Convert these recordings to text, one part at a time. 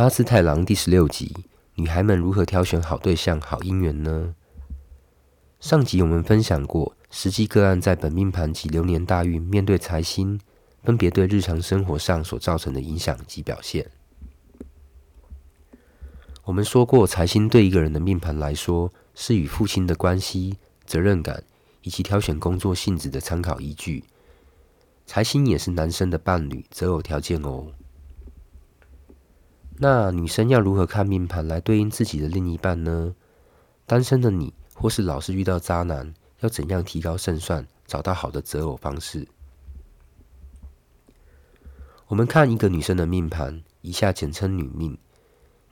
八字太郎第十六集：女孩們如何挑選好對象、好姻緣呢？上集我們分享過實際個案，在本命盤及流年大運面對財星，分別對日常生活上所造成的影響及表現。我們說過，財星對一個人的命盤來說，是與父親的關係、責任感以及挑選工作性質的參考依據。財星也是男生的伴侶擇偶條件哦。那女生要如何看命盤來對應自己的另一半呢？單身的你，或是老是遇到渣男，要怎樣提高勝算，找到好的擇偶方式？我們看一個女生的命盤，以下簡稱女命。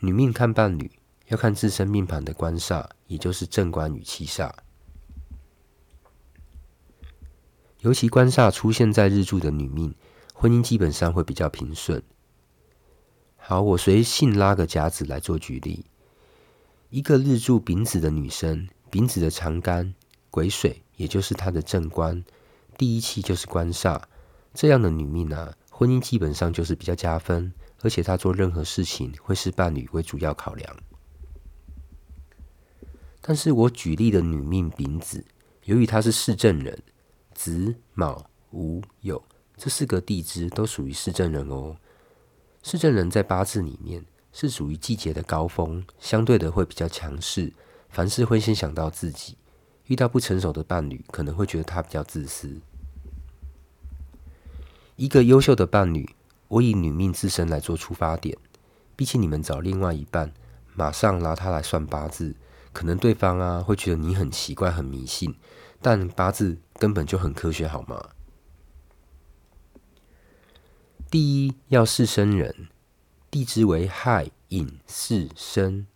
女命看伴侶，要看自身命盤的官煞，也就是正官與七煞。尤其官煞出現在日柱的女命，婚姻基本上會比較平順。好，我隨性拉個甲子來做舉例，一個日柱丙子的女生，丙子的藏干癸水，也就是她的正官，第一氣就是官煞，這樣的女命啊，婚姻基本上就是比較加分，而且她做任何事情會視伴侶為主要考量。但是我舉例的女命丙子，由於她是四正人，子、卯、午、酉這四個地支都屬於四正人哦。市政人在八字裡面是屬於季節的高峰，相對的會比較強勢，凡事會先想到自己。遇到不成熟的伴侶，可能會覺得他比較自私。一個優秀的伴侶，我以女命自身來做出發點。畢竟你們找另外一半，馬上拿他來算八字，可能對方啊會覺得你很奇怪、很迷信。但八字根本就很科學，好嗎？第一要四生人，地支為亥、寅、啊、巳、申。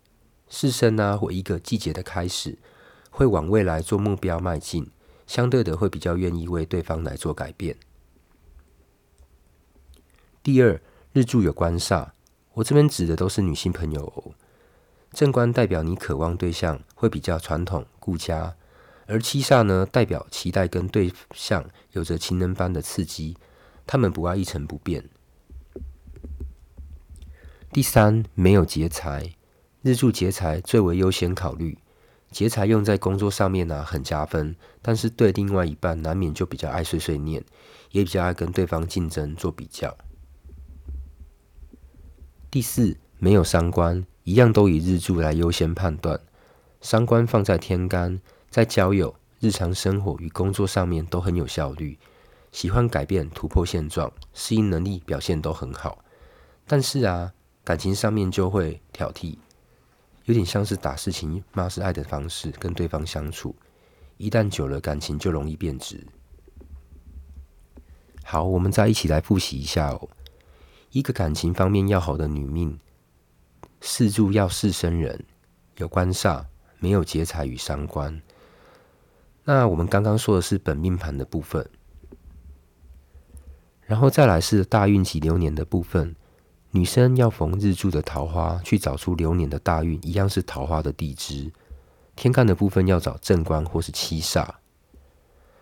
四生呢，為一個季節的開始，會往未來做目標邁進，相對的會比較願意為對方來做改變。第二，日柱有官煞，我這邊指的都是女性朋友哦。正官代表你渴望對象會比較傳統顧家，而七煞呢，代表期待跟對象有着情人般的刺激。他們不愛一成不變。第三，沒有劫財，日柱劫財最為優先考慮，劫財用在工作上面呢、啊、很加分，但是對另外一半難免就比較愛碎碎念，也比較愛跟對方競爭做比較。第四，沒有傷官，一樣都以日柱來優先判斷，傷官放在天干，在交友、日常生活與工作上面都很有效率。喜歡改變、突破現狀、適應能力表現都很好，但是啊，感情上面就會挑剔，有點像是打是情、罵是愛的方式跟對方相處，一旦久了，感情就容易變質。好，我們再一起來複習一下哦。一個感情方面要好的女命，四柱要四生人，有官煞，沒有劫財與傷官。那我們剛剛說的是本命盤的部分。然後再來是大運及流年的部分，女生要逢日柱的桃花去找出流年的大運，一樣是桃花的地支，天干的部分要找正官或是七煞，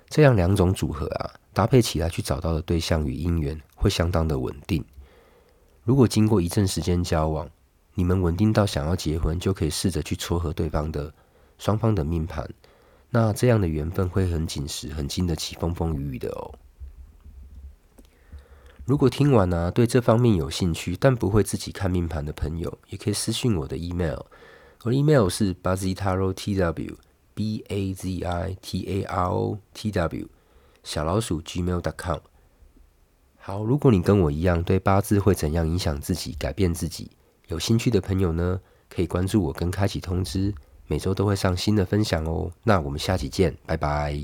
這樣兩種組合啊，搭配起來去找到的對象與姻緣會相當的穩定。如果經過一陣時間交往，你們穩定到想要結婚，就可以試着去撮合對方的雙方的命盤，那這樣的緣分會很緊實，很經得起風風雨雨的哦。如果聽完呢、啊，對這方面有興趣但不會自己看命盤的朋友，也可以私訊我的 email，我的 email 是 bazitarotw，b a z i t a r o t w 小老鼠 gmail dot com。好，如果你跟我一樣對八字會怎樣影響自己、改變自己有興趣的朋友呢，可以關注我跟開啟通知，每周都會上新的分享哦。那我們下期見，拜拜。